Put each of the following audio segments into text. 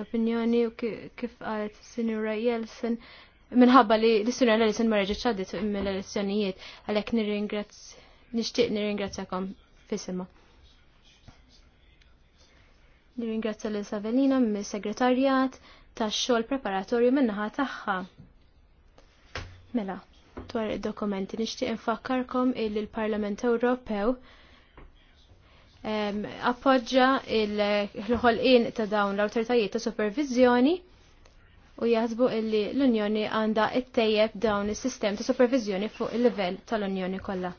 l-opinjoni u kif għalet Sinjura Jelsen minħabba li l-Sinjura Jelsen ma reġiċ ċaddit imma l-elezzjonijiet għalek nishtiq fissima. nir Nirringrazzja l Savelina mis segretarjat tax xogħol preparatorju minnaħa tagħha. Mela, dwar id-dokumenti nixtieq infakkarkom il parlament Ewropew appoġġa l-ħolqien ta' dawn l-awtoritajiet ta' supervizjoni u jaħsbu illi l-Unjoni għandha ttejjeb dawn is-sistem ta' supervizjoni fuq il-livell tal-Unjoni kollha.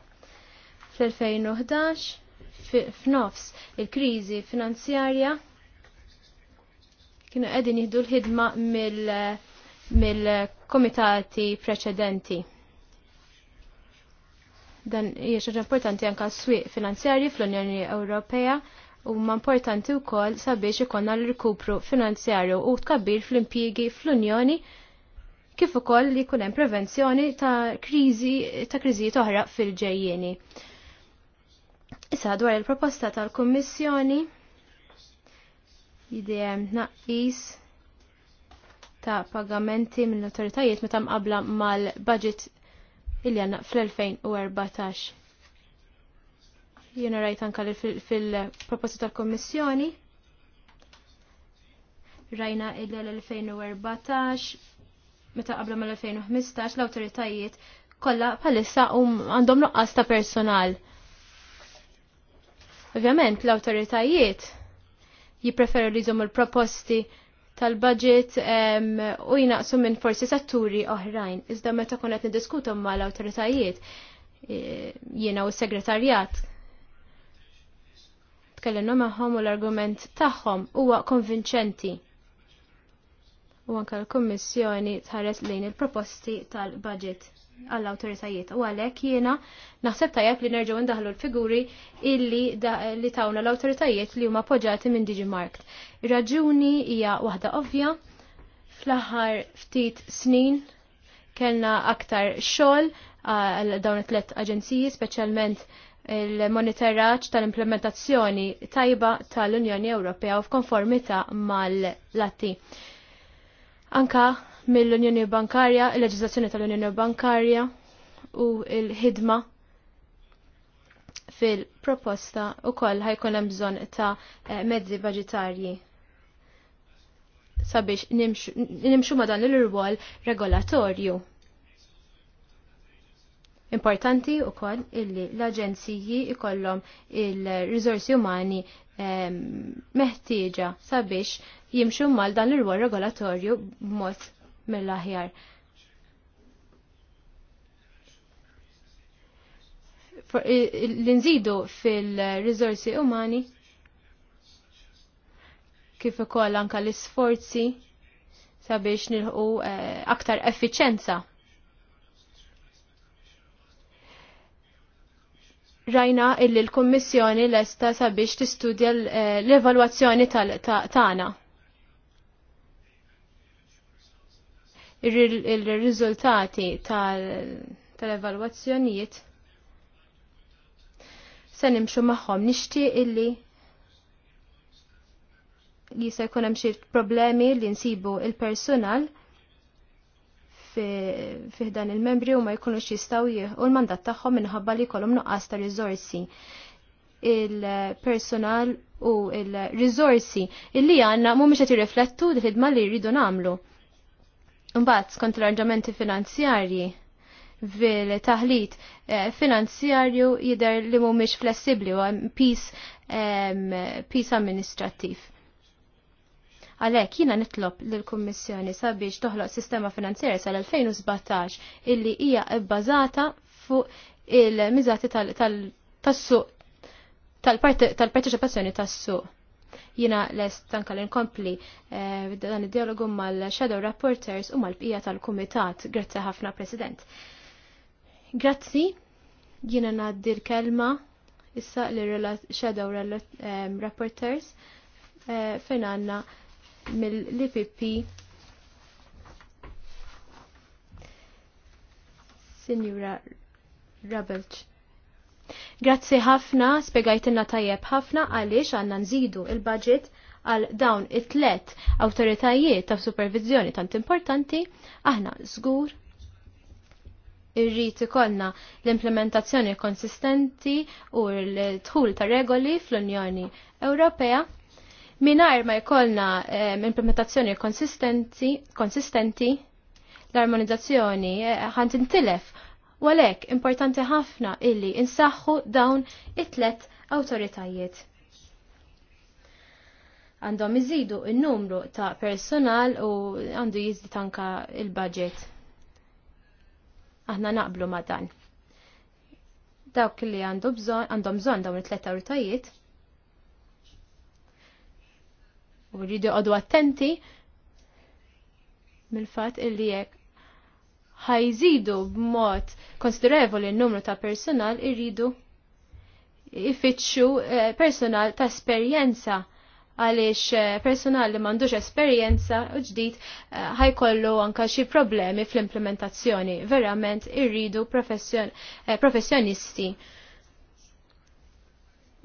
Fl-2011 f'nofs il-kriżi finanzjarja kienu qegħdin jieħdu l-ħidma mill-komitati preċedenti. Dan hija xaġa importanti anke s-swieq finanzjarji fl-Unjoni Ewropea u ma importanti wkoll sabiex ikollna l-rikupru finanzjarju u tkabbir fl-impjiegi fl-Unjoni kif ukoll li jkun hemm prevenzjoni ta' kriżi ta' kriżijiet oħra fil-ġejjieni. Issa dwar il-proposta tal-Kummissjoni jidejem naqis ta' pagamenti mill autoritajiet meta mqabla mal-budget illi għanna fl-2014. Jena rajt anka fil-proposta fil tal-Kommissjoni. Rajna il-2014 meta qabla mal-2015 l-autoritajiet kollha bħalissa um għandhom nuqqas ta' personal. Ovvjament l-autoritajiet jipreferu li jżomm il-proposti tal-budget u jinaqsu minn forsi setturi oħrajn. Iżda meta kun qed niddiskutu mal awtoritajiet e, jiena u s-segretarjat tkellimna magħhom u l-argument tagħhom huwa konvinċenti u anka l-Kommissjoni tħares lejn il-proposti tal-budget għall-autoritajiet. U għalhekk jiena naħseb tajjeb li nerġgħu ndaħlu l-figuri illi li tawna l-autoritajiet li huma appoġġjati minn Digimarkt. Ir-raġuni hija waħda ovvja fl-aħħar ftit snin kellna aktar xogħol għal dawn it-tlet aġenziji, speċjalment il-monitoraġġ tal-implementazzjoni tajba tal-Unjoni Ewropea u f'konformità mal-latti anka mill-Unjoni Bankarja, il-leġislazzjoni tal-Unjoni Bankarja u il-ħidma fil-proposta u koll ħajkun hemm bżonn ta' eh, mezzi budgetarji sabiex nimxu ma dan l-irwol regolatorju. Importanti u koll illi l-aġenziji ikollhom il-rizorsi umani ehm, meħtieġa sabiex jimxu mal dan l-rwol regolatorju b'mod mill-aħjar. L-inżidu fil-rizorsi umani kif ukoll anka l-isforzi sabiex nilħu eh, aktar effiċenza rajna illi l-Kommissjoni lesta sabiex tistudja eh, l-evalwazzjoni tagħna. Ir-riżultati tal-evalwazzjonijiet se nimxu magħhom nixtieq illi li se jkun hemm xi problemi li nsibu il-personal fiħdan il-membri u ma jkunux jistaw u l-mandat tagħhom minħabba li kolom nuqqas ta' rizorsi il-personal u il-rizorsi illi għanna mhumiex qed riflettu di ħidma li jridu nagħmlu. Mbagħad skont l arġamenti finanzjarji fil-taħlit eh, finanzjarju jidher li mhumiex flessibbli u peace, peace amministrattiv. Għalhekk jiena nitlob lill-Kummissjoni sabiex toħloq sistema finanzjarja sal-2017 illi hija bbażata fuq il-miżati tal-suq tal-parteċipazzjoni tas-suq jina lest tanka l-inkompli eh, dan id-dialogu mal-Shadow Rapporters u mal-bqija tal-Kumitat. Grazzi ħafna, President. Grazzi, jina naddir kelma issa l-Shadow eh, Rapporters eh, fejn għanna mill-IPP Signora Rabelċ. Grazzi ħafna, spiegajtinna tajjeb ħafna għaliex għanna nżidu il-budget għal dawn it-tlet autoritajiet ta' supervizjoni tant importanti, aħna żgur irrid ikollna l-implementazzjoni konsistenti u l-tħul ta' regoli fl-Unjoni Ewropea Minar ma jkollna implementazzjoni konsistenti, l-armonizzazzjoni eh, ħant intilef u għalhekk importanti ħafna illi insaħħu dawn it-tlet awtoritajiet. Għandhom iżidu n-numru ta' personal u għandu jizdi tanka il-budget. Aħna naqblu ma' dan. Dawk li bżon, għandhom bżon dawn it-tlet autoritajiet. u rridu għodu attenti mill-fat illi jekk ħajżidu b'mod konsiderevoli n-numru ta' personal irridu ifittxu eh, personal ta' esperjenza għaliex eh, personal li m'għandux esperjenza u ġdid eh, ħajkollu anka xi problemi fl-implementazzjoni. Verament irridu professjonisti.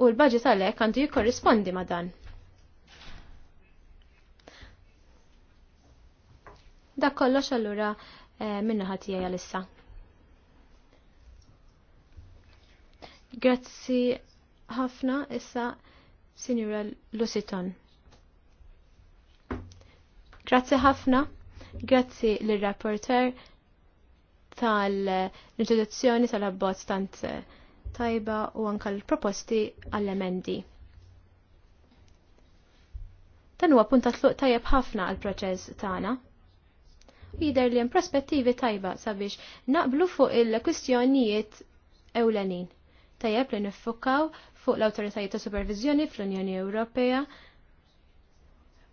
U l-budget għalhekk għandu jikkorrispondi ma' dan. Dak kollox allura eh, minna ħatija għalissa. Grazzi ħafna issa Sinjura Lusiton. Grazzi ħafna, grazzi l-rapporter tal-introduzzjoni tal-abbozz tant eh, tajba u anka l-proposti għall-emendi. Dan huwa punta tluq tajjeb ħafna għal proċess tagħna jider li prospettivi tajba sabiex naqblu fuq il-kwistjonijiet ewlenin. Tajab li niffukaw fuq l-autoritajiet ta' supervizjoni fl-Unjoni Ewropea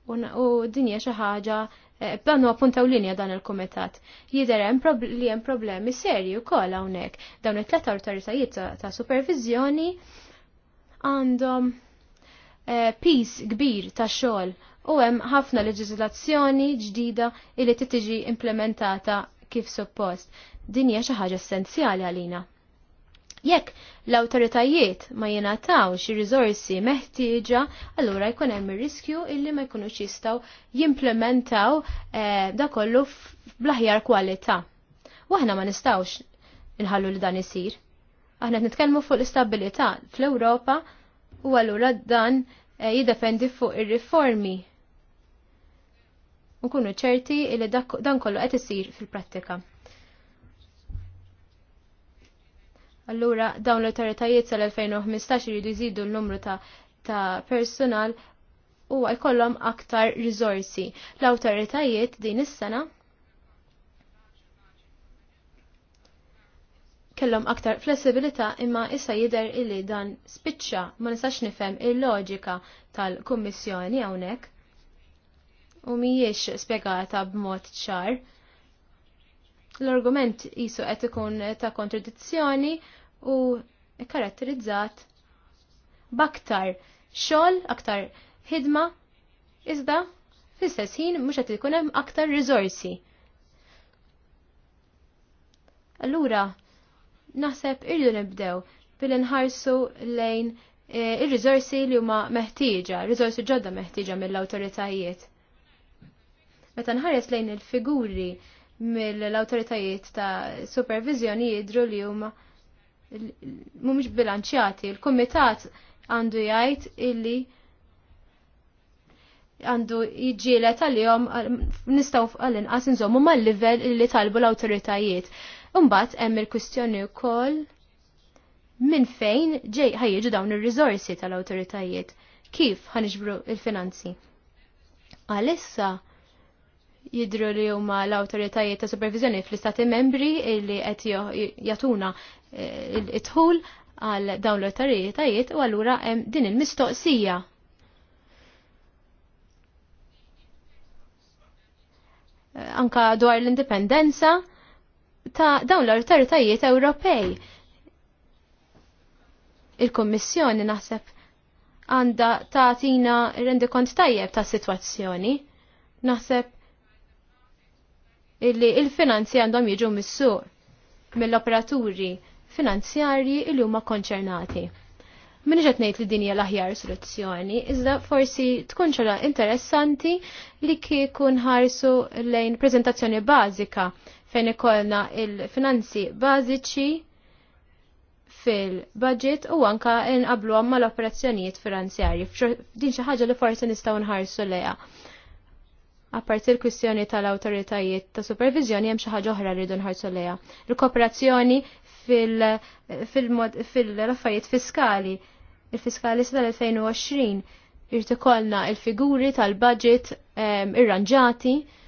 u dinja xi ħaġa B'dannu appuntaw linja dan il-komitat. Jider li hemm problemi serji wkoll hawnhekk. Dawn it-tlet awtoritajiet ta' supervizjoni għandhom Eh, piece kbir ta' xogħol u hemm ħafna leġiżlazzjoni ġdida li titiġi implementata kif suppost. Din hija xi ħaġa essenzjali għalina. Jekk l-awtoritajiet ma jingħatawx ir-riżorsi meħtieġa, allura jkun hemm ir-riskju illi ma jkunux jistgħu jimplementaw eh, da kollu bl-aħjar kwalità. aħna ma nistgħux inħallu li dan isir. Aħna nitkellmu fuq l-istabilità fl-Ewropa u allura dan eh, jiddependi fuq ir-riformi. Nkunu ċerti li dan kollu qed isir fil-prattika. Allura dawn l-autoritajiet sal-2015 jridu jżidu l-numru ta', ta personal u jkollhom aktar rizorsi. L-autoritajiet din is-sena kellhom aktar flessibilità imma issa jidher illi dan spiċċa ma nistax nifhem il-loġika tal-Kummissjoni hawnhekk u mhijiex spjegata b'mod ċar. L-argument jisu qed ikun ta' kontradizzjoni u karatterizzat b'aktar xogħol, aktar ħidma, iżda fl-istess ħin mhux qed ikun hemm aktar riżorsi. Allura, Naħseb irridu nibdew billi nħarsu lejn e, ir-riżorsi li huma meħtieġa, riżorsi ġodda meħtieġa mill-awtoritajiet. Meta nħares lejn il-figuri mill-awtoritajiet ta' supervizjoni jidru li huma mhumiex bilanċjati. Il-kumitat għandu jgħid illi għandu jġilet għal-jom nistaw għal-inqas nżommu mal-level illi talbu l-autoritajiet. Umbat hemm il-kwistjoni wkoll minn fejn ġej ħajjiġu dawn ir-riżorsi tal-awtoritajiet. Kif ħaniġbru il-finanzi? Għalissa jidru li huma l-awtoritajiet ta' supervizjoni fl-istati membri li qed jatuna eh, it-tħul għal dawn l-autoritajiet u allura hemm din il-mistoqsija. Eh, anka dwar l-indipendenza ta' dawn l-autoritajiet Ewropej. Il-Kommissjoni naħseb għanda tagħtina rendikont tajjeb ta' situazzjoni. Naħseb illi il-finanzi għandhom jiġu missu mill-operaturi finanzjarji illi huma konċernati. Min iġet ngħid li dinja l-aħjar soluzzjoni, iżda forsi tkun ċara interessanti li kikun ħarsu lejn prezentazzjoni bażika fejn ikollna il-finanzi bażiċi fil-budget u anka inqablu għamma l-operazzjonijiet finanzjarji. Din xi ħaġa li forsi nistgħu nħarsu lejha. Apparti l-kwistjoni tal-awtoritajiet ta' supervizjoni hemm xi ħaġa oħra rridu nħarsu lejha. Il-kooperazzjoni fil-affarijiet fiskali. Il-fiskali sa tal-2020 ikollna il-figuri tal-budget ehm, irranġati. Um,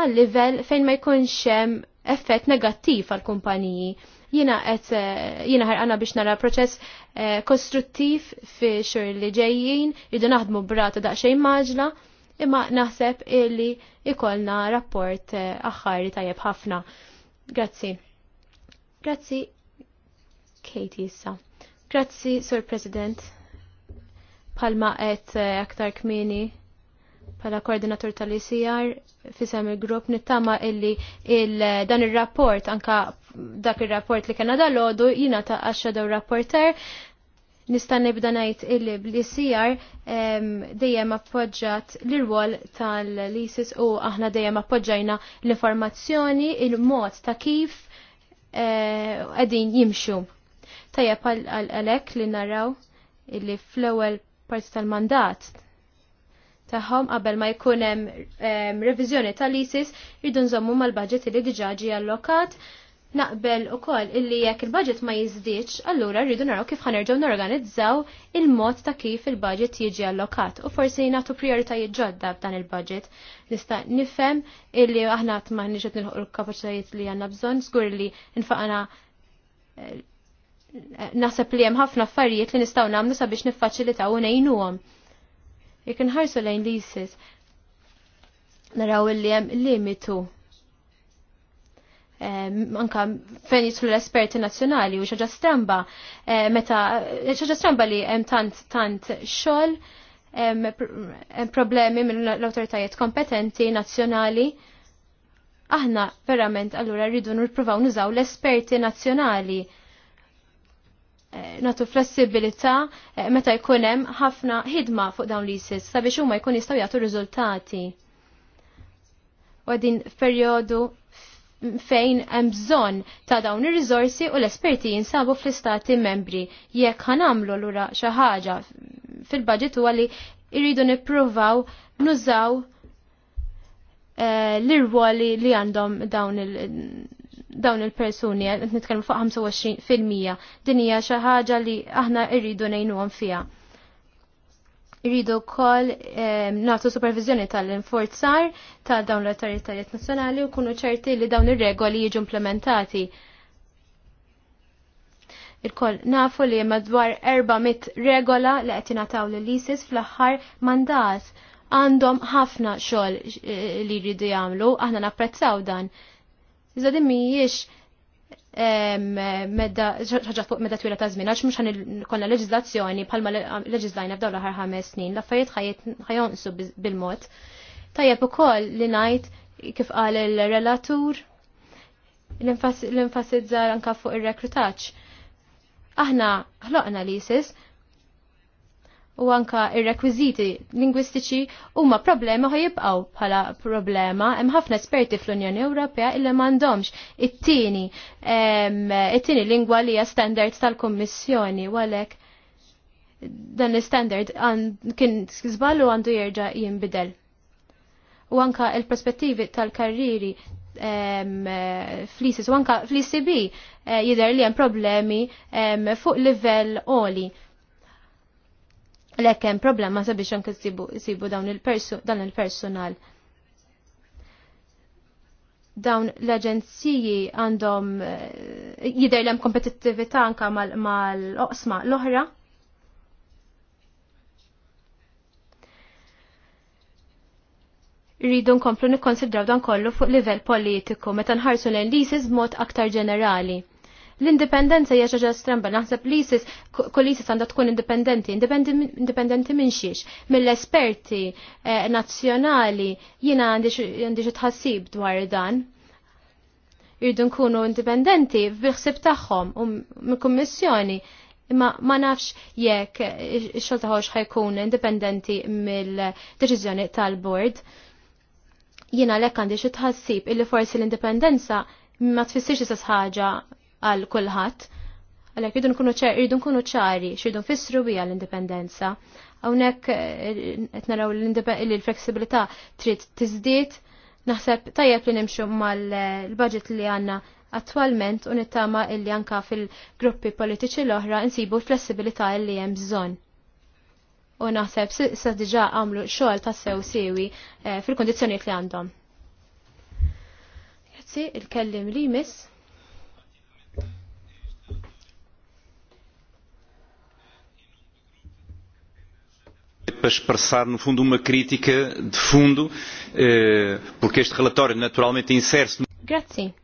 għal livell fejn ma jkunx hemm effett negattiv għal kumpaniji. Jiena qed eh, jiena ħarqana biex nara proċess eh, kostruttiv fi xhur li ġejjin, jridu naħdmu brata daqsxejn maġla, imma naħseb illi ikolna rapport li eh, tajjeb ħafna. Grazzi. Grazzi Katie issa. Grazzi, Sur President. Palma qed aktar kmini pala koordinatur tal-ICR fisem il-grupp nittama illi il dan il-rapport anka dak il-rapport li kena dal-ħodu jina ta' daw rapporter nistan nibda najt illi bl-ICR dejjem appoġġat l-rwol tal-ISIS u aħna dejjem appoġġajna l-informazzjoni il-mod ta' kif e, għedin jimxu. Tajja għal-għalek li naraw illi fl-ewel parti tal-mandat tagħhom qabel ma jkun hemm reviżjoni tal-ISIS jridu nżommu mal-budget li diġà ġie allokat. Naqbel ukoll illi jekk il-budget ma jiżdiedx, allura rridu naraw kif ħanerġgħu norganizzaw il-mod ta' kif il-budget jiġi allokat u forsi nagħtu prijoritajiet ġodda f'dan il-budget. Nista' nifhem illi aħna ma qed nilħuq il-kapaċitajiet li għandna bżonn, żgur li nfaqna eh, naħseb li hemm ħafna affarijiet li nistgħu nagħmlu sabiex niffaċilitaw u ngħinuhom. Jek nħarsu lejn l-ISIS, naraw li hemm limitu. Anka fejn jitlu l-esperti nazzjonali u xaġa stramba e, meta e, xaġa stramba li hemm tant tant xogħol hemm problemi minn l-awtoritajiet kompetenti nazzjonali. Aħna verament allura rridu nippruvaw nużaw l-esperti nazzjonali Eh, natu flessibilità eh, meta jkun hemm ħafna ħidma fuq dawn l-ISIS sabiex huma jkun jistgħu jagħtu riżultati. U din f'perjodu fejn hemm bżonn ta' dawn ir-riżorsi u l-esperti jinsabu fl-istati membri. Jekk ħanamlu lura xi ħaġa fil-baġit huwa li jridu nippruvaw nużaw eh, l-irwoli li għandhom dawn il- dawn il-persuni, qed nitkellmu fuq 25% din hija xi ħaġa li aħna rridu ngħinuhom fiha. Irridu wkoll ehm, nagħtu supervizjoni tal-inforzar ta' dawn l-autoritajiet nazzjonali u kunu ċerti li dawn ir-regoli jiġu implementati. Il-koll nafu li madwar 400 regola li qed jingħataw l lisis fl-aħħar mandat għandhom ħafna xogħol eh, li jridu jagħmlu, aħna napprezzaw dan Iżda din mhijiex medda ħaġa fuq medda twila ta' żmien għax mhux ħankollna leġiżlazzjoni bħalma leġiżlajna f'dawla l-aħħar ħames snin, l-affarijiet ħajonqsu bil-mod. Tajjeb ukoll li ngħid kif qal il-relatur l infasizzar anka fuq ir-rekrutaġġ. Aħna ħloqna l-ISIS u anka ir-rekwiżiti lingwistiċi huma problema ħaj jibqgħu bħala problema. Hemm ħafna esperti fl-Unjoni Ewropea illi m'għandhomx it-tieni it-tieni lingwa li hija standard tal-Kummissjoni u għalhekk dan l-standard kien żballu għandu jerġa' jinbidel. U anka il-prospettivi tal-karriri flisis u anka fl-ICB eh, jidher li hemm problemi fuq livell oli Għalhekk hemm problema sabiex anke sibu dawn il-personal. Dawn l-aġenziji għandhom eh, jidher l anka mal-oqsma anke mal-oqsma l-oħra. rridu nkomplu nikkonsidraw dan kollu fuq livell politiku meta nħarsu l-enlisis b'mod aktar ġenerali. L-indipendenza hija ġaġa stremba, naħseb li ISIS, kull ISIS għandha tkun indipendenti, indipendenti minn xiex, mill-esperti eh, nazzjonali, jiena għandix tħassib dwar dan Irdu nkunu indipendenti biħsib tagħhom u mill-kummissjoni imma ma nafx jekk ix-xogħol ħajkun indipendenti mill-deċiżjoni tal-bord. Jiena lek għandi xi tħassib illi forsi l-indipendenza ma tfissirx istess għal kulħadd. Għalhekk irridu nkunu irridu nkunu ċari x'irridu nfissru bija l-indipendenza. Hawnhekk eh, qed naraw l-fleksibilità trid tiżdied. Naħseb tajjeb li nimxu mal-budget li għandna attwalment u nittama illi anka fil-gruppi politiċi l-oħra nsibu flessibilità illi hemm bżonn. U naħseb sa diġa għamlu xogħol ta' sew sewi eh, fil-kondizzjonijiet li għandhom. Jazzi, il-kellim li miss. para expressar, no fundo, uma crítica de fundo, eh, porque este relatório naturalmente insere-se. Grazie.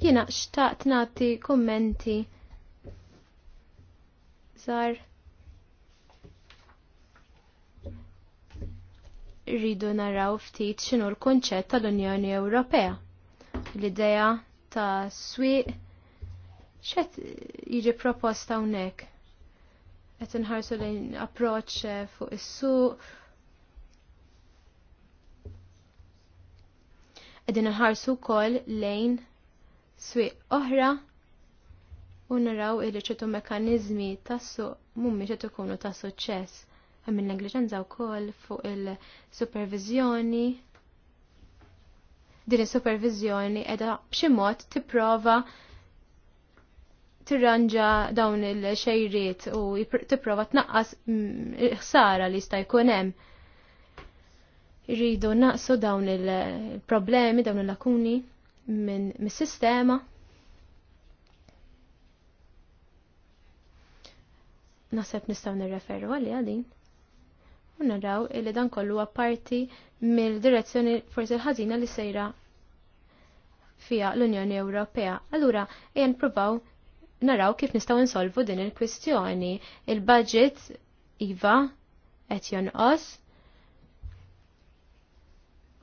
Jena xtaqt nati kommenti. Zar. Rridu naraw ftit xinu l-konċett tal-Unjoni Ewropea. L-ideja ta' swieq xet jiġi proposta unnek qed inħarsu lejn approċċ fuq is-suq. Qegħdin inħarsu wkoll lejn swieq oħra u naraw illi ċertu mekkaniżmi tas-suq mhumiex qed ikunu ta' suċċess. Hemm il-negliġenza wkoll fuq il-supervizjoni. Din is-supervizjoni qiegħda b'xi mod tipprova tirranġa dawn il-xejriet u tipprova tnaqqas mm, ħsara li sta' jkun hemm. Irridu naqsu dawn il-problemi, dawn il-lakuni minn mis-sistema. Naħseb nistgħu nirreferu għalli din u naraw illi dan kollu għaparti mill-direzzjoni forsi l ħazina li sejra fija l-Unjoni Ewropea. Allura, jen provaw naraw kif nistgħu insolvu din il-kwistjoni. Il-budget iva qed jonqos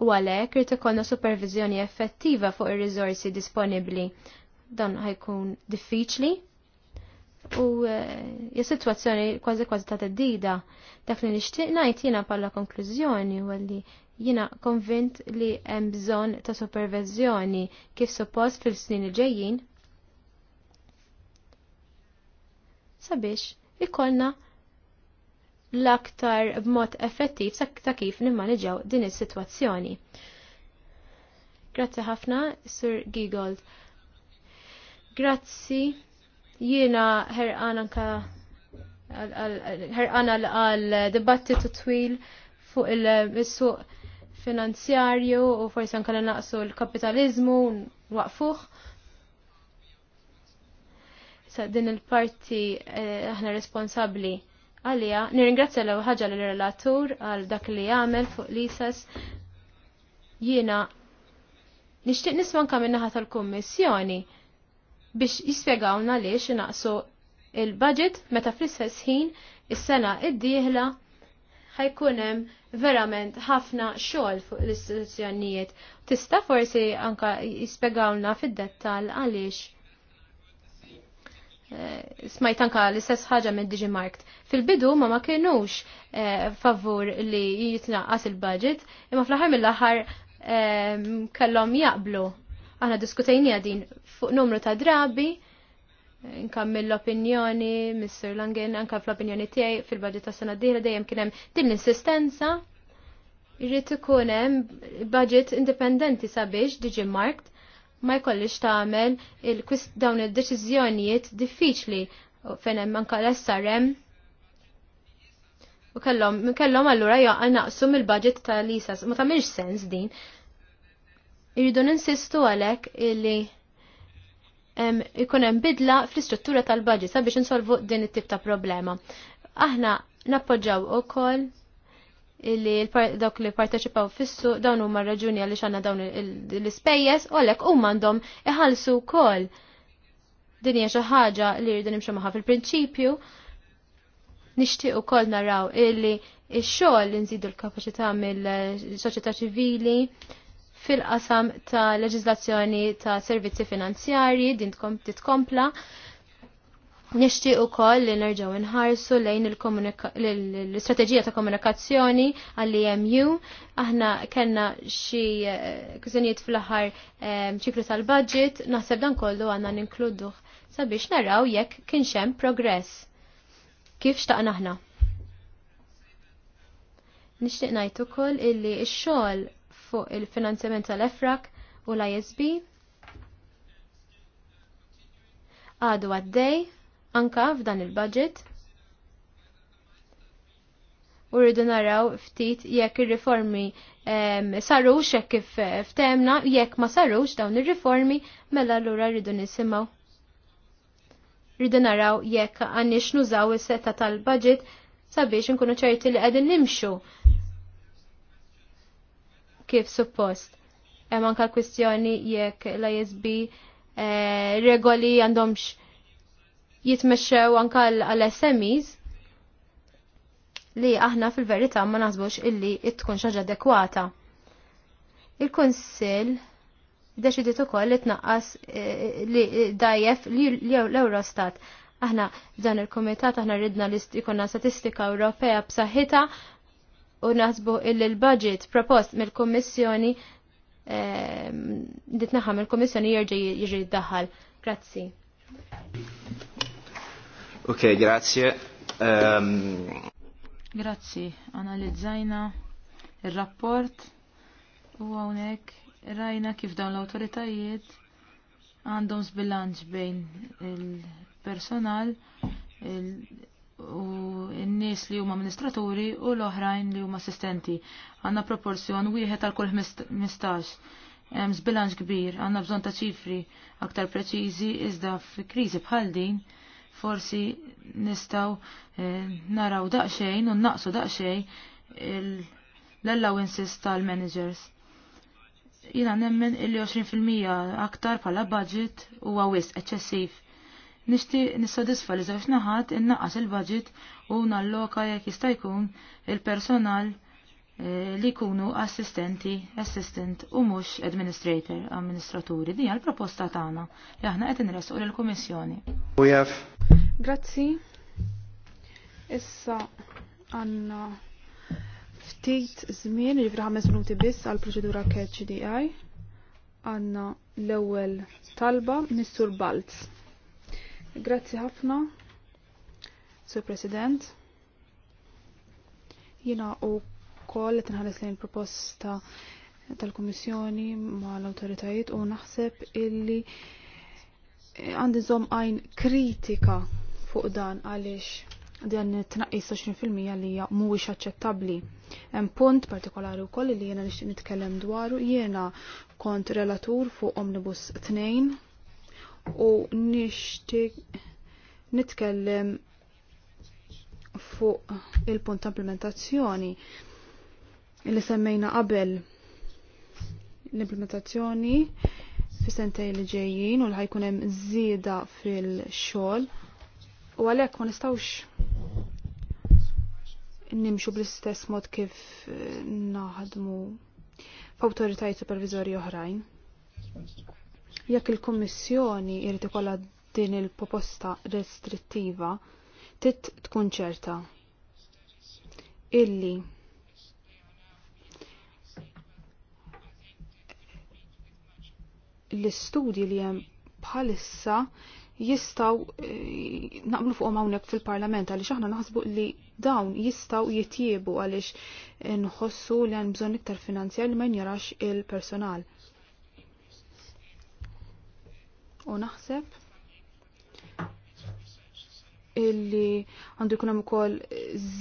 u għalhekk irid ikollna supervizjoni effettiva fuq ir rizorsi disponibbli. Dan ħajkun diffiċli u eh, hija sitwazzjoni kważi kważi ta' teddida. Dak li nixtieq ngħid jiena bħala konklużjoni għalli jina konvint li hemm bżonn ta' supervizjoni kif suppost fil-snin ġejjin sabiex ikollna l-aktar b'mod effettiv ta' kif nimmaniġaw din is-sitwazzjoni. Grazzi ħafna, Sir Gigold. Grazzi, jiena ħerqan anka għal dibattitu twil fuq il-suq finanzjarju u forsi anka naqsu l-kapitalizmu waqfuh Sa din il-parti eh, aħna responsabli għalija. Nirringrazzja l ħaġa l-relatur għal dak li jagħmel fuq l-ISAS. Jiena nixtieq nisma' anke minnaħat tal-Kummissjoni biex jispjegawna li inaqsu il-budget meta fl-istess ħin is-sena id-dieħla ħajkun hemm verament ħafna xogħol fuq l-istituzzjonijiet. Tista' forsi anka jispjegawna fid-dettall għaliex Eh, smajt anka l-istess ħaġa minn Digimarkt. Fil-bidu ma ma kienux eh, favur li jitnaqqas il-budget, imma fl-aħħar mill-aħħar eh, kellhom jaqblu. Aħna diskutajni din fuq numru ta' drabi, nkammil l-opinjoni, Mr. Langen, anka fl-opinjoni tiegħi fil-budget ta' sena d dihra dejjem kien hemm din l-insistenza. Irrid ikun hemm budget indipendenti sabiex Digimarkt ma jkollix tagħmel dawn id-deċiżjonijiet diffiċli fejn hemm anke l-SRM u kellhom kellhom allura jaqa' naqsu mill-budget tal-ISAS ma tagħmilx sens din. Irridu ninsistu għalhekk illi ikun hemm bidla fl-istruttura tal-budget sabiex insolvu din it-tip ta' problema. Aħna nappoġġaw ukoll li dok li parteċipaw fissu dawn huma raġuni għaliex għandna dawn l-ispejjeż u għalhekk huma għandhom iħallsu wkoll. Din hija xi ħaġa li rridu nimxu magħha fil-prinċipju. Nixtieq ukoll naraw illi x-xogħol li nżidu l-kapaċità mill-soċjetà ċivili fil-qasam ta' leġiżlazzjoni ta' servizzi finanzjarji din titkompla. Nixtieq ukoll li nerġgħu nħarsu lejn l-istrateġija ta' komunikazzjoni għall-EMU. Aħna kellna xi eh, kwiżinijiet fl-aħħar eh, ċiklu tal-budget, naħseb dan kollu għandna ninkluduħ sabiex naraw jekk kienx hemm progress. Kif xtaqna aħna? Nixtieq ngħid ukoll illi x-xogħol fuq il-finanzjament tal-EFRAK u l-ISB għadu għaddej Anka f'dan il-budget u rridu naraw ftit jekk ir-riformi sarux jekk kif eh, ftemna jekk ma sarux dawn ir-riformi mela allura rridu nisimgħu. Rridu naraw jekk għandix nużaw is setta tal-budget sabiex nkunu ċerti li qegħdin nimxu kif suppost. Hemm anke kwistjoni jekk l-ISB eh, regoli għandhomx jitmexxew anka għal-SMEs li aħna fil-verità ma naħsbux illi tkun xaġa adekwata. Il-Kunsill deċidiet ukoll li tnaqqas eh, eh, li eh, dajjef l-Eurostat. Aħna f'dan il-Kumitat aħna ridna li jkollna statistika Ewropea b'saħħitha u naħsbu illi l-budget propost mill-Kummissjoni ditnaħam il-Kummissjoni jerġa' jiġi ddaħħal. Grazzi. Ok, grazie. Um... Grazzi, analizzajna il-rapport u għonek rajna kif dawn l-autoritajiet għandhom sbilanċ bejn il-personal il u n-nies li huma amministraturi u l-oħrajn li huma assistenti. Għanna proporzjon wieħed għal kull 15 hemm kbir, għandna bżonn ta' ċifri aktar preċiżi iżda f'kriżi bħal din forsi nistaw eh, naraw daqxejn u naqsu daqxejn l-allowances tal-managers. Jina nemmen il-20% aktar pala budget u għawis eċessif. Nishti nissodisfa li zawx naħat innaqas il-budget u nalloka jekk jista' jkun il-personal Eh, li kunu assistenti, assistant u mux administrator, amministraturi. Din l proposta tagħna li aħna qed inresqu lill-Kummissjoni. Grazzi. Issa għanna ftit żmien li ħames minuti biss għal proċedura KHDI għanna l-ewwel talba Mr. Balz. Grazzi ħafna, Sur President. Jina u ukoll qed inħares lejn proposta tal-Kummissjoni mal-awtoritajiet u naħseb illi għandi żomm għajn kritika fuq dan għaliex dan tnaqqis 20% li hija mhuwiex aċċettabbli. Hemm punt partikolari wkoll li jiena nixtieq nitkellem dwaru jiena kont relatur fuq Omnibus 2 u nixtieq nitkellem fuq il-punt ta' implementazzjoni li semmejna qabel l-implementazzjoni fi sentej li ġejjin u li ħajkun hemm żieda fil-xogħol u għalhekk ma nistgħux nimxu bl-istess mod kif eh, naħdmu f'awtoritajiet supervizorji oħrajn. Jekk il-Kummissjoni jrid ikollha din il-proposta restrittiva, tit tkun ċerta illi l-istudji li hemm bħalissa jistaw eh, naqblu fuqhom hawnhekk fil-Parlament għaliex aħna naħsbu li dawn jistaw jitjiebu għaliex nħossu li hemm bżonn iktar finanzjar li ma jarax il-personal. U naħseb illi għandu jkun hemm ukoll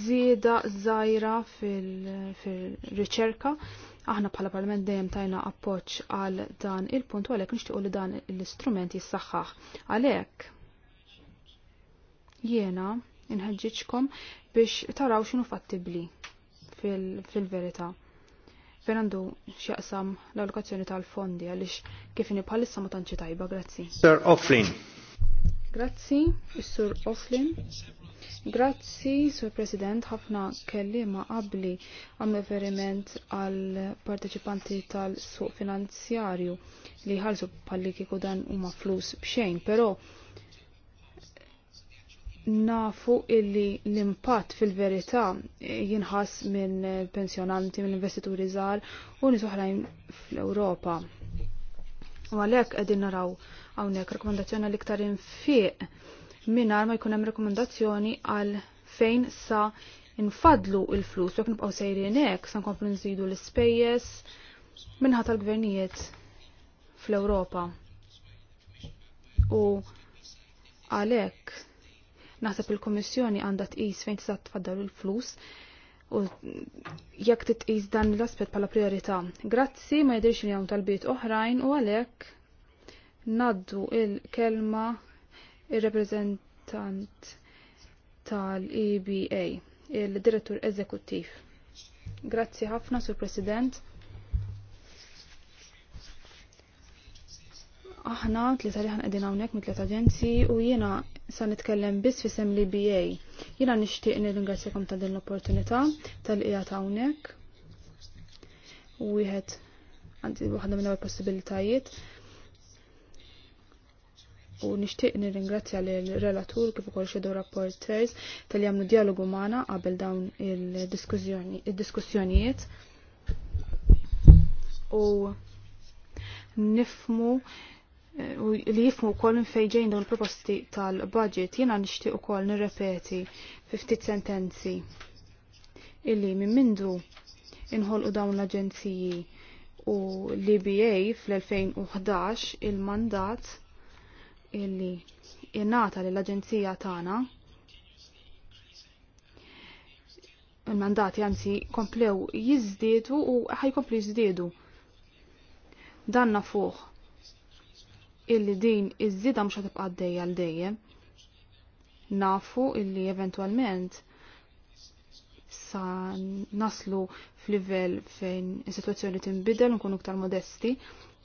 żieda żgħira fil-riċerka fil riċerka fil Aħna bħala parlament dejjem tajna appoġġ għal dan il-punt u għalhekk nixtiequ li dan l-istrument jissaħħaħ. Għalhekk jiena inħeġġiġkom biex taraw x'inhu fattibbli fil-verità. Fejn għandu x'jaqsam l-allokazzjoni tal-fondi għaliex kif inhi bħalissa ma tantx tajba, grazzi. Sir Offlin. Grazzi, is-Sur Offlin. Grazzi, Sur President, ħafna kellima qabli għam referiment għal parteċipanti tal-suq finanzjarju li ħarsu palli kiku dan huma flus bxejn, pero nafu illi l-impatt fil-verità jinħass minn pensjonanti, minn investituri żgħar u nisuħrajn oħrajn fl-Ewropa. U għalhekk qegħdin naraw hawnhekk rekomendazzjoni l-iktar infiq minar ma jkun hemm rekomendazzjoni għal fejn sa infadlu il-flus, jekk nibqgħu sejrin hekk sa nkomplu nżidu l-ispejjeż minħa tal-gvernijiet fl-Ewropa. U għalhekk naħseb il-Kummissjoni għandha tqis fejn tista' tfaddal il-flus u jekk titqis dan l-aspett bħala priorità. Grazzi ma jidhirx li tal talbiet oħrajn u għalhekk naddu il-kelma il-reprezentant tal-EBA, il-direttur eżekuttiv. Grazzi ħafna, Sur President. Aħna tlieta li ħanqegħdin hawnhekk mit tliet aġenzji u jiena sa nitkellem biss fisem l-EBA. Jiena nixtieq nirringrazzjakom ta' din l-opportunità tal-qija ta' hawnhekk. Wieħed għandi waħda minn possibilitajiet u nixtieq nirringrazzja l relatur kif ukoll xedu rapporters tal jagħmlu dialogu magħna qabel dawn il-diskussjonijiet u nifmu u li jifmu wkoll minn fejn dawn il-proposti tal-budget jiena nixtieq ukoll nirrepeti fi ftit sentenzi illi minn mindu u dawn l-aġenziji u l-IBA fl-2011 il-mandat illi innata l aġenzija tagħna il-mandati għanzi komplew jizdietu u ħajkomplu jizdietu Danna fuħ illi din iż-żida mhux ħatibqa' għaddejja għal dejjem. Nafu illi eventualment sa naslu f'livell fejn is-sitwazzjoni tinbidel nkunu iktar modesti,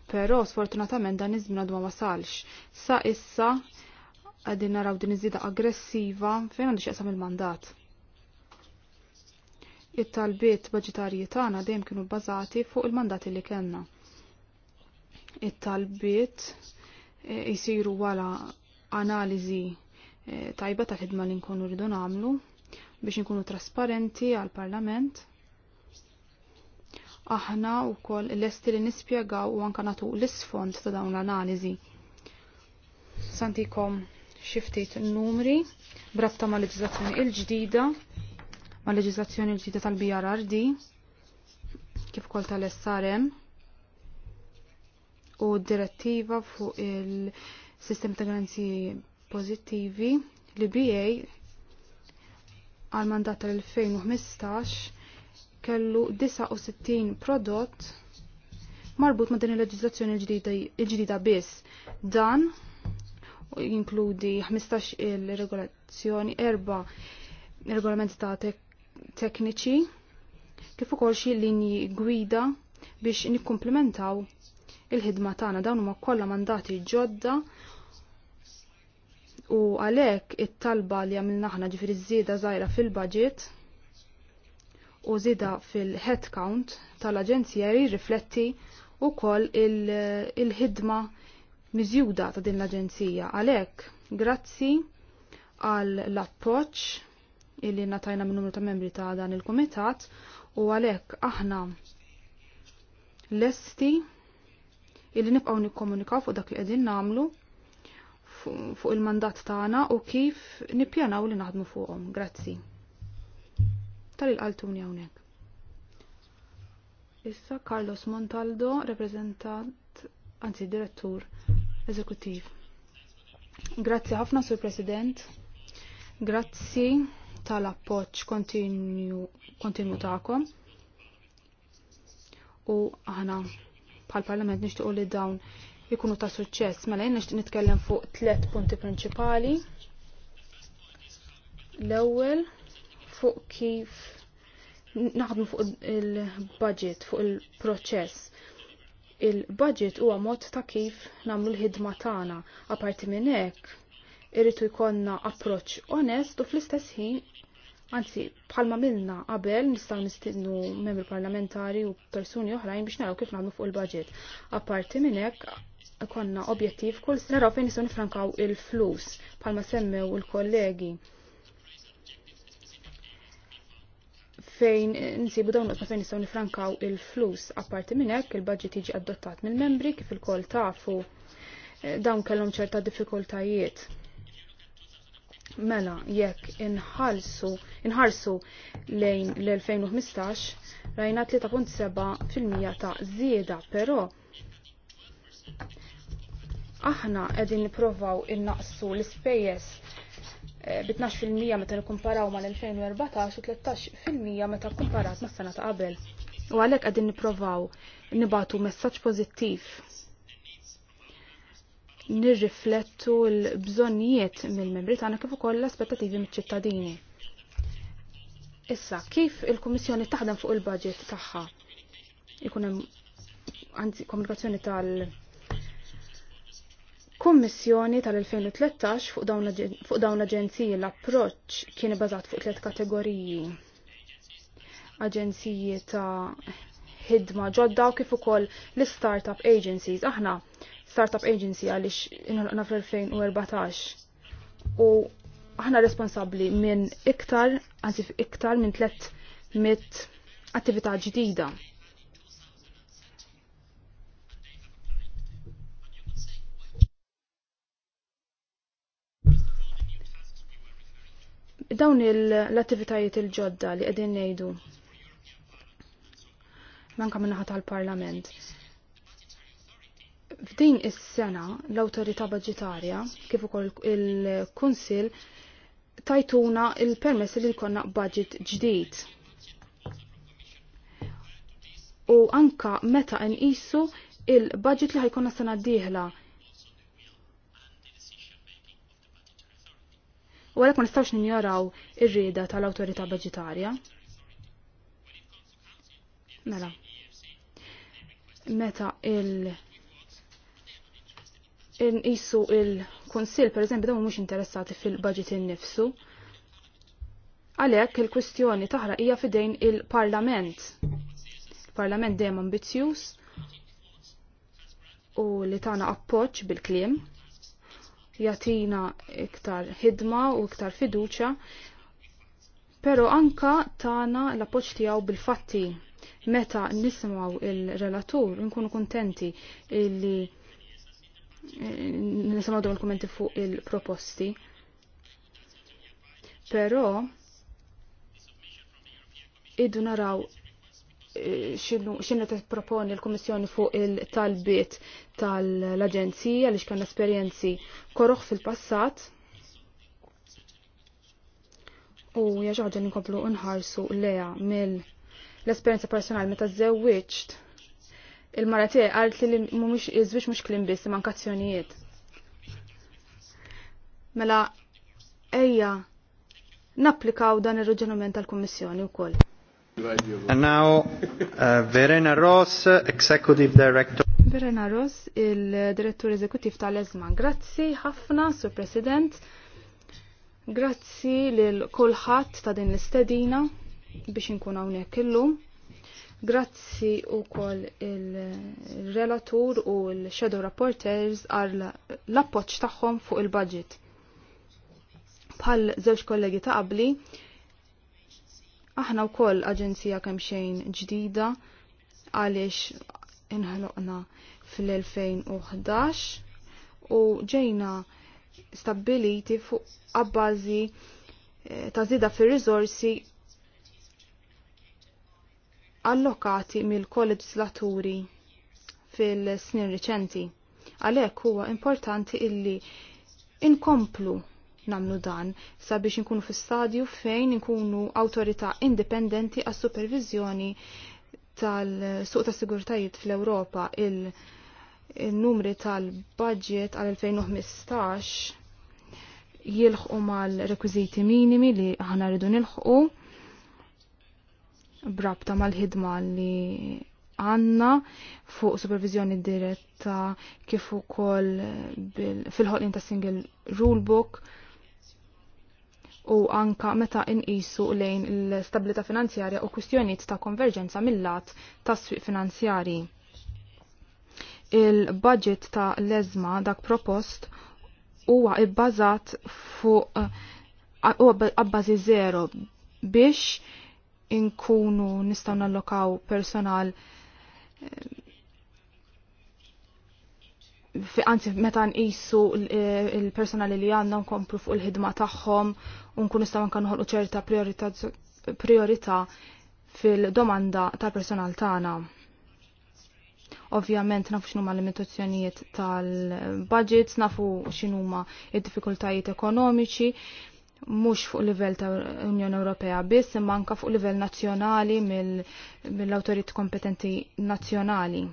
Però sfortunatament dan iż-żmien għadu ma wasalx. Sa issa għadin naraw din iż żida aggressiva fejn għandu x'jaqsam il-mandat. It-talbiet budġetarji tagħna dejjem kienu bbażati fuq il-mandati li kellna. It-talbiet e, jisiru wara analiżi e, tajba tal-ħidma li nkunu rridu nagħmlu biex nkunu trasparenti għal-Parlament aħna u koll l-esti li nispiegaw u anka natu l-isfond ta' dawn l-analizi. Santikom xiftit numri brabta ma' leġizazzjoni il-ġdida, ma' leġizazzjoni il-ġdida tal-BRRD, kif kol tal-SRM, u direttiva fuq il-sistem ta' garanziji pozittivi li BA għal mandat tal-2015 kellu 69 prodott marbut ma' din il-leġizlazzjoni il ġdida biss. Dan jinkludi 15 il-regolazzjoni, erba regolamenti ta' tekniċi, kif ukoll xi linji gwida biex nikkumplementaw il-ħidma tagħna dawn huma kollha mandati ġodda u għalhekk it-talba li għamilna aħna ġifieri żieda żgħira fil-budget u zida fil-headcount tal-Aġenzija jirrifletti wkoll il-ħidma il miżjuda ta' din l-Aġenzija. Għalhekk, grazzi għal l-appoċ illi natajna minn numru ta' membri ta' dan il-komitat u għalek aħna l-esti illi nibqaw nikkomunikaw fuq dak li qegħdin namlu fuq il-mandat tagħna u kif nippjanaw li naħdmu fuqhom. Grazzi tal-il-qaltuni hawnhekk. Issa Carlos Montaldo, reprezentant, anzi direttur eżekutiv. Grazzi ħafna, Sur President. Grazzi tal-appoċ kontinju ta'kom. U aħna pal parlament nixtiequ li dawn jikunu ta' suċċess. Mela jien nixtieq nitkellem fuq tliet punti prinċipali. L-ewwel fuq kif naħdmu fuq il-budget, fuq il-proċess. Il-budget huwa mod ta' kif nagħmlu l-ħidma tagħna. Aparti minn hekk, irritu jkollna approċċ onest u fl-istess ħin Anzi, bħalma minna qabel nistgħu nistinnu membri parlamentari u persuni oħrajn biex naraw kif nagħmlu fuq il-budget. Apparti minn hekk konna objettiv kull naraw fejn nistgħu nifrankaw il-flus bħalma semmew il-kollegi. il flus bħalma semmew il kollegi fejn nsibu dawn ma fejn nistgħu nifrankaw il-flus. Apparti minn hekk il-budget jiġi adottat mill-membri kif il-kol tafu eh, dawn kellhom ċerta diffikultajiet. Mela, jekk inħalsu, inħarsu lejn l-2015 rajna 3.7% ta' żieda, però aħna qegħdin nipprovaw innaqsu l-ispejjeż b-12% meta nikumparaw mal-2014 u 13% meta kkumparat mas-sena ta' qabel. U għalhekk qegħdin nipprovaw nibatu messaġġ pożittiv nirriflettu l-bżonnijiet mill-membri tagħna kif ukoll l-aspettativi miċ-ċittadini. Issa, kif il-Kummissjoni taħdem fuq il-budget tagħha? Ikun hemm komunikazzjoni tal- Kummissjoni tal-2013 fuq dawn l-aġenziji l-approċ kien bazat fuq tliet kategoriji. Aġenziji ta' ħidma ġodda u kif ukoll l-startup agencies. Aħna startup agency għaliex inħolqna fl-2014 u aħna responsabbli minn iktar, għazif iktar minn 300 attività ġdida. dawn l-attivitajiet il-ġodda li qegħdin ngħidu. Manka minnaħa tal-Parlament. F'din is-sena l-Awtorità Budġetarja kif ukoll il-Kunsill tajtuna il-permess li jkollna budget ġdid u anka meta nqisu il-budget li ħajkonna sena d-dieħla u għalek ma nistgħux ninjoraw ir-rieda tal-awtorità budgetarja. Mela. Meta il nqisu il-Kunsill eżempju, dawn mhux interessati fil-budget innifsu. Għalhekk il-kwistjoni taħraq hija fidejn il-Parlament. Il-Parlament dejjem ambizzjuż u li tagħna appoġġ bil-kliem jatina iktar hidma u iktar fiduċa, pero anka tana l-appoċ tijaw bil-fatti meta nismaw il-relatur nkunu kontenti li eh, nismaw dawn il-kommenti fuq il-proposti. Pero idu naraw xinu t-proponi l-Komissjoni fuq il-talbiet tal-Aġenzija li xkan esperienzi korroħ fil-passat u jaġaġa ninkomplu nħarsu leja mill l-esperienza personali meta zewiċt il maratie għalt li mumiex jizwix mux klim biss mankazzjonijiet. Mela, ejja, napplikaw dan il-reġenument tal-Komissjoni u koll. And now, uh, Verena Ross, Executive Director. Verena Ross, il-direttur eżekutiv tal-Ezma. Grazzi ħafna, Sur President. Grazzi l kulħadd ta' din l-istedina biex inkun hawnhekk illum. Grazzi wkoll il-relatur u l-shadow rapporters għal l-appoġġ tagħhom fuq il-budget. Bħal żewġ kollegi ta' qabli, Aħna wkoll aġenzija kemm xejn ġdida għaliex inħloqna fil-2011 u ġejna stabiliti fuq abbażi eh, ta' zida fir rizorsi allokati mill-kolleġislaturi fil-snin riċenti. Għalhekk huwa importanti illi inkomplu namlu dan sabiex nkunu fi stadju fejn nkunu autorità indipendenti għas supervizjoni tal-suq ta' sigurtajiet fl-Ewropa il-numri tal-budget għal-2015 jilħqu mal-rekwiziti minimi li ħana rridu nilħqu brabta mal-ħidma li għanna fuq supervizjoni diretta kif ukoll fil-ħolqien ta' single rulebook u anka meta inqisu lejn l-stabilità finanzjarja u kwistjonijiet ta' konverġenza mill-lat tas-swieq finanzjarji. Il-budget ta' leżma dak propost huwa bbażat fuq eh, abbażi zero biex inkunu nistgħu nallokaw personal eh, anzi meta nqisu e, il-personali li għandna nkomplu fuq il-ħidma tagħhom u nkun nistgħu anke noħolqu ċerta priorità fil-domanda tal-personal tagħna. Ovvjament nafu x'numa limitazzjonijiet tal-budgets, nafu x'inhuma id-diffikultajiet ekonomiċi, mhux fuq livell ta' Unjoni Ewropea biss, imma anke fuq livell nazzjonali mill-awtorit kompetenti nazzjonali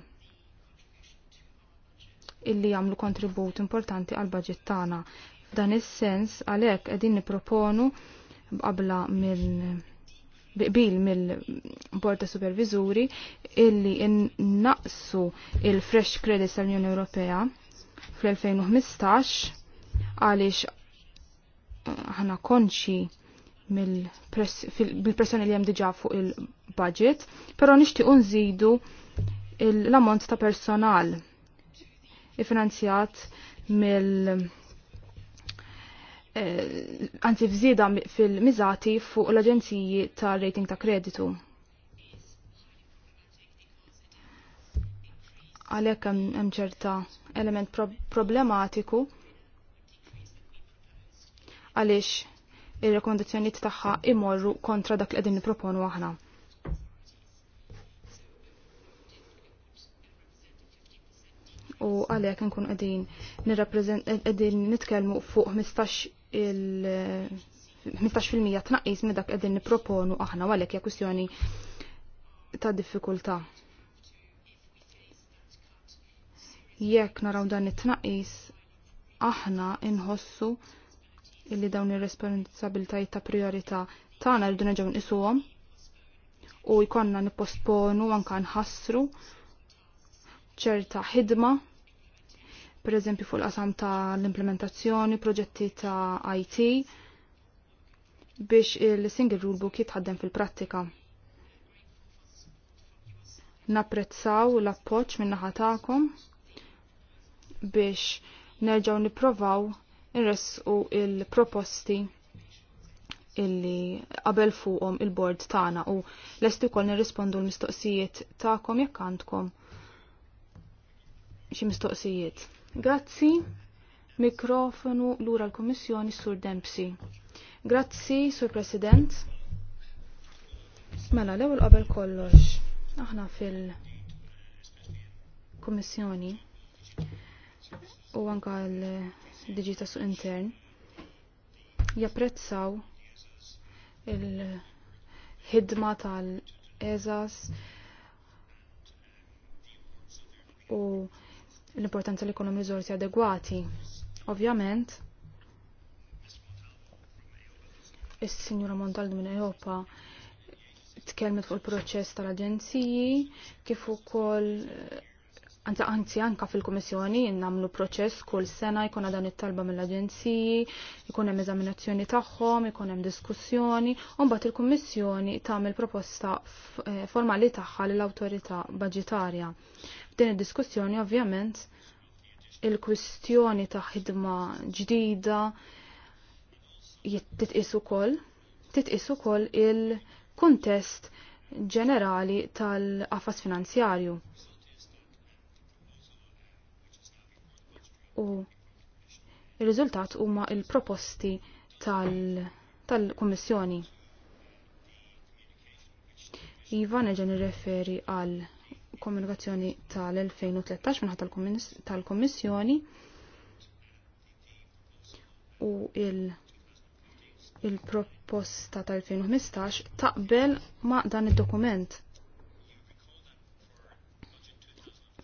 illi jagħmlu kontribut importanti għal budget tagħna. F'dan is-sens għalhekk qegħdin nipproponu qabla mill biqbil mill-Bord ta' Supervizuri illi innaqsu il-Fresh Credits tal-Unjoni Ewropea fl-2015 għaliex eh, ħana konċi bil-pressjoni li hemm diġà fuq il-budget, però nixtiequ nżidu l-ammont ta' personal ifinanzjat mill- eh, anzi fżieda fil-miżati fuq l-aġenziji ta' rating ta' kreditu. Għalhekk hemm ċerta element problematiku għaliex ir-rekondizzjonijiet tagħha imorru kontra dak li qegħdin nipproponu aħna. u għalhekk nkun qegħdin qegħdin nitkellmu fuq 15 il 15% tnaqqis minn dak qegħdin nipproponu aħna għalhekk hija kwistjoni ta' diffikultà. Jekk naraw dan it-tnaqqis aħna inħossu illi dawn ir-responsabiltajiet ta' priorità tagħna rridu neġgħu nqisuhom u jkollna nipposponu anke nħassru ċerta ħidma, per eżempju fuq qasam ta' l-implementazzjoni, proġetti ta' IT, biex il-single rulebook jitħaddem fil-prattika. Napprezzaw l-appoċ minn naħatakom biex nerġaw niprovaw nresqu il-proposti illi qabel fuqhom il-bord tagħna u lest ukoll nirrispondu l-mistoqsijiet tagħkom jekk għandkom xi mistoqsijiet. Grazzi, mikrofonu lura l-Kummissjoni Sur Dempsey. Grazzi, Sur President. Mela, l-ewwel qabel kollox, aħna fil-Kummissjoni u anka l-Digita Suq Intern japprezzaw il-ħidma tal ezas u l-importanza li kunu riżorsi adegwati. Ovvjament, is-Sinjura Montaldo minn Ejopa tkellmet fuq il-proċess tal-aġenziji kif ukoll Anza anzi anka fil-Komissjoni namlu proċess kull sena jkun dan it-talba mill-Aġenziji, jkun hemm eżaminazzjoni tagħhom, jkun hemm diskussjoni, u mbagħad il-Kummissjoni tagħmel proposta eh, formali tagħha lill awtorità Baġitarja. F'din id-diskussjoni ovvjament il-kwistjoni ta' ħidma ġdida titqis ukoll, titqis ukoll il-kuntest ġenerali tal-qafas finanzjarju u il-riżultat huma il-proposti tal-Kummissjoni. Tal iva neġen nirreferi għal komunikazzjoni tal-2013 minħat tal-Kommissjoni u il-proposta il tal-2015 taqbel ma' dan id-dokument.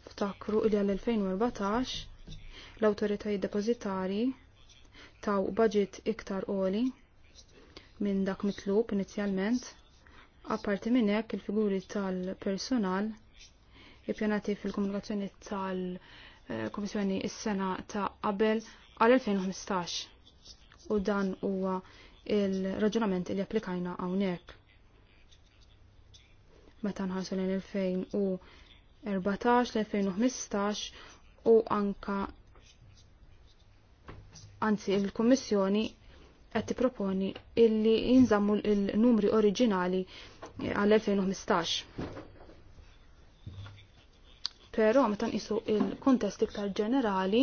Ftakru il għal-2014 L-autoritajiet depozitari taw budget iktar qoli minn dak mitlub inizjalment, apparti minn hekk il-figuri tal-personal ippjanati fil-komunikazzjoni tal-Komissjoni is-sena ta' qabel għal 2015. U dan huwa il-raġunament li applikajna hawnhekk. Meta nħarsu l-2014 l-2015 u anka anzi il-Kommissjoni qed tipproponi illi jinżammu il-numri oriġinali eh, għal-2015. Però meta nqisu il-kuntest iktar ġenerali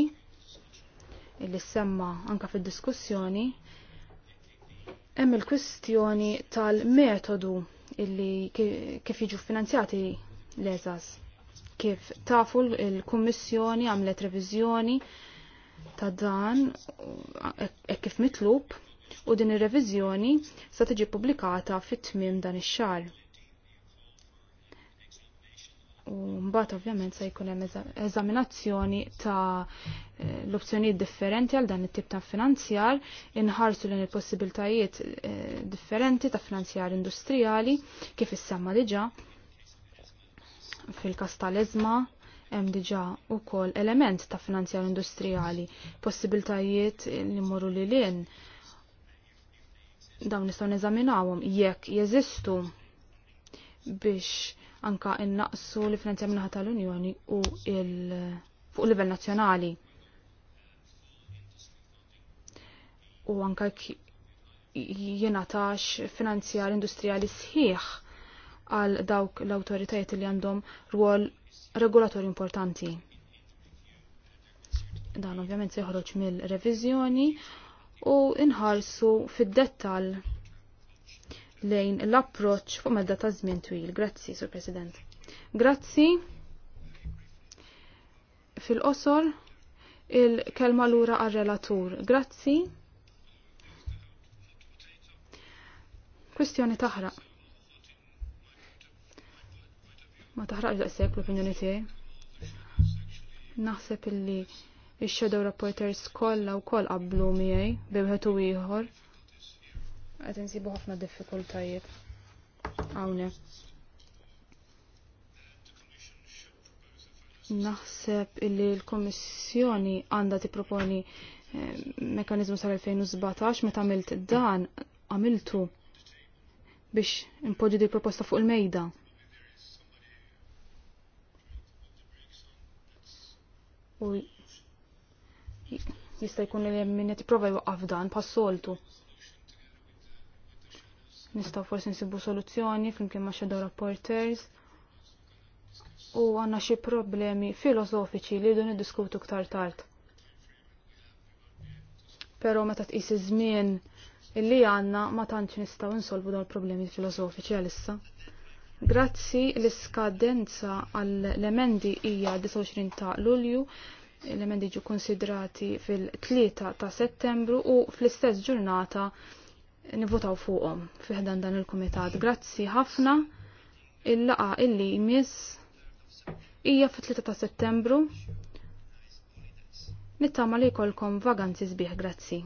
illi semma anka fid-diskussjoni hemm il-kwistjoni tal-metodu illi kif jiġu finanzjati l-eżas. Kif tafu l-Kummissjoni għamlet reviżjoni ta' dan hekk e-, kif mitlub u din ir-reviżjoni se tiġi pubblikata fit-tmiem dan ix-xahar. U mbagħad ovvjament se jkun hemm eżaminazzjoni ta' e, l-opzjonijiet differenti għal dan it-tip ta' finanzjar, inħarsu lejn il-possibiltajiet e, differenti ta' finanzjar industrijali kif issemma diġà fil-kas tal-eżma hemm diġà ukoll element ta' finanzjar industrijali, possibiltajiet li morru li lin dawn nistgħu neżaminawhom jekk jeżistu biex anka innaqsu li finanzjar minnaħa tal-Unjoni u il fuq livell nazzjonali. U anka jingħatax finanzjar industrijali sħiħ għal dawk l-autoritajiet li għandhom rwol regolatori importanti. Dan ovvjament se joħroġ mill-reviżjoni u inħarsu fid-dettall lejn l-approċ fuq medda ta' żmien twil. Grazzi, Sur President. Grazzi. Fil-qosor il-kelma lura għal-relatur. Grazzi. Kwestjoni taħraq ma taħraqx daqshekk l-opinjoni tiegħi. Naħseb illi ix-shadow reporters kollha wkoll qablu miegħi bi wieħed u ieħor. Qed insibu ħafna diffikultajiet hawnhekk. Naħseb illi l-Kommissjoni għandha tipproponi eh, mekanizmu sal-2017 meta għamilt dan għamiltu biex impoġġi di proposta fuq il-mejda u jista' jkun li hemm min qed jipprova jwaqqaf dan pas-soltu. Nistgħu forsi nsibu soluzzjoni flimkien ma' shadow reporters u għandna xi problemi filosofiċi li jdu niddiskutu ktar tard. Però meta tqis iż-żmien illi għandna ma tantx nistgħu insolvu dawn il-problemi filosofiċi għalissa. issa Grazzi l-iskadenza għall-emendi hija 29 ta' Lulju, l-emendi ġu konsidrati fil-3 ta' Settembru u fl-istess ġurnata nivvotaw fuqhom fiħdan dan il-kumitat. Grazzi ħafna il-laqa illi jmiss hija fit-3 ta' Settembru. Nittama li jkollkom vaganzi sbieħ grazzi.